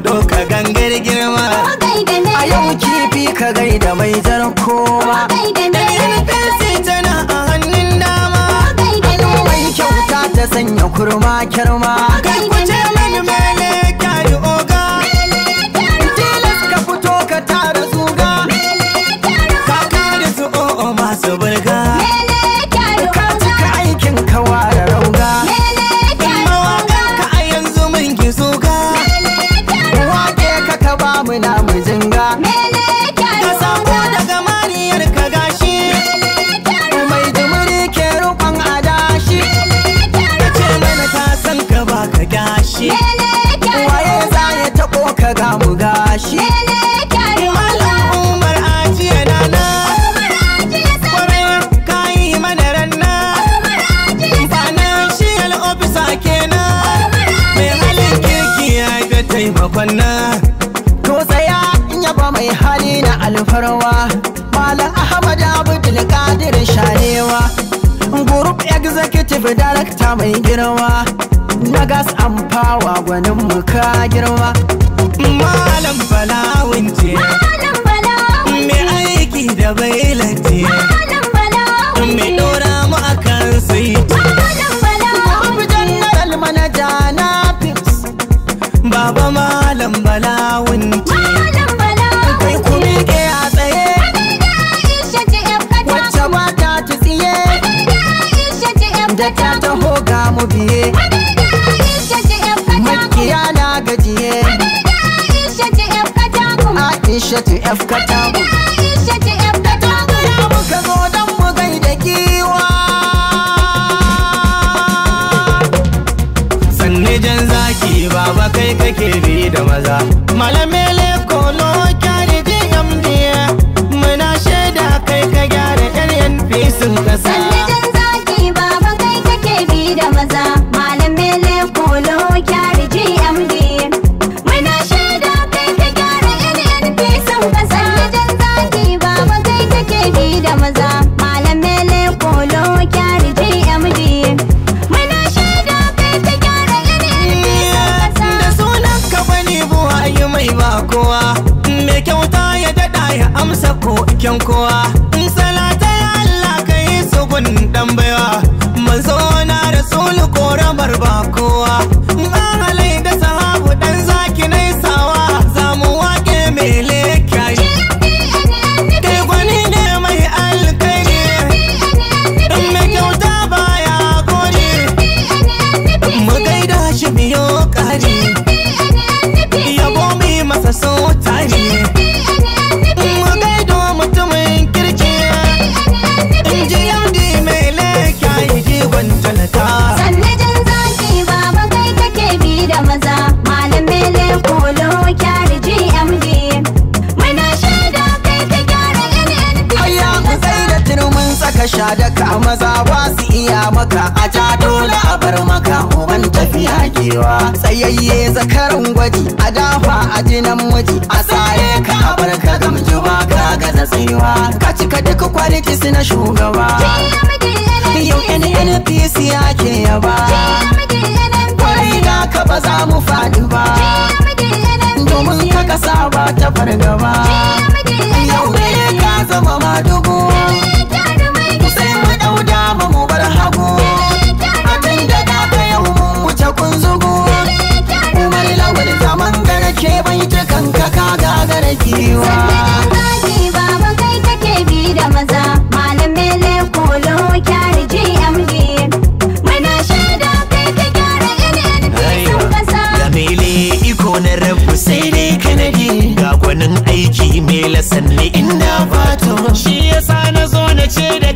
gudu ka gangar girma a yau kifi ka gaida mai zarko ba fensi tana a hannun dama mai kyauta ta sanya kurma kyarma kan kuce baby darakta mai girma na gas an fawa gwanin mu ka girma malam balawun ce malam balawun me aiki da bai lati malam balawun biye makiya na gajiye Aisha sha daka maza ba su iya maka a ja dole a bar maka uban tafiya kewa tsayayye zakaran gwaji a dafa a jinan miji a sare ka a bar ka mu ba ka gaza tsayuwa ka cika duka kwalitis na shugaba yau nnpc ya ke yaba kwari na ka ba za mu faɗi ba domin ka kasa ba ta fargaba tilas sanni inda fatan shi yasa na zo na ce da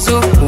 so.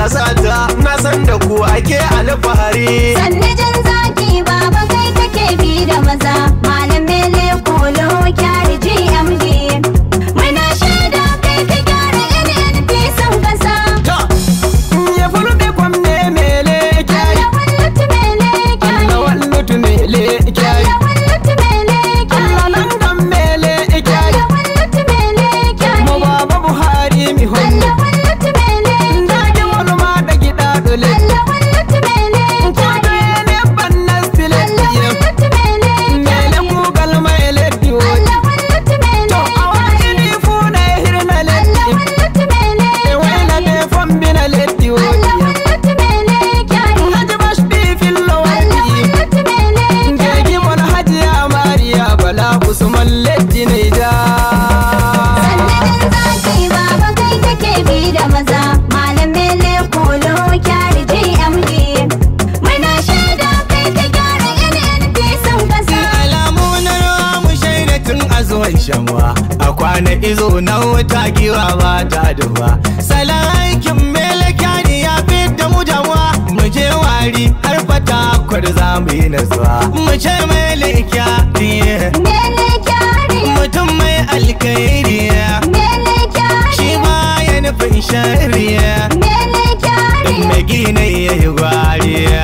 na sata na san da ku ake alfahari sanne na izo na wuta giwa ba ta duba salon aikin melekani ya fi da mu damuwa mu je wari har fata kwar za mu yi nasuwa mu ce melekya diye mutum mai alkairi shi ma ya nufin shari'a mai gina ya yi gwariya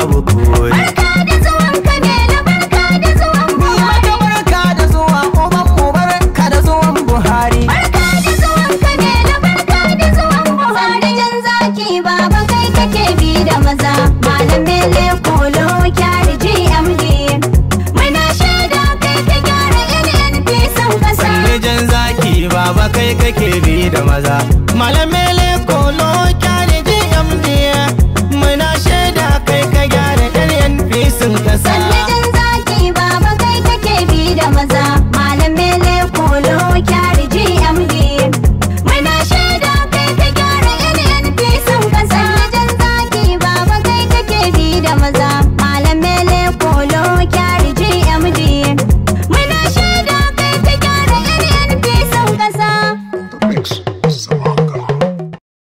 I will it.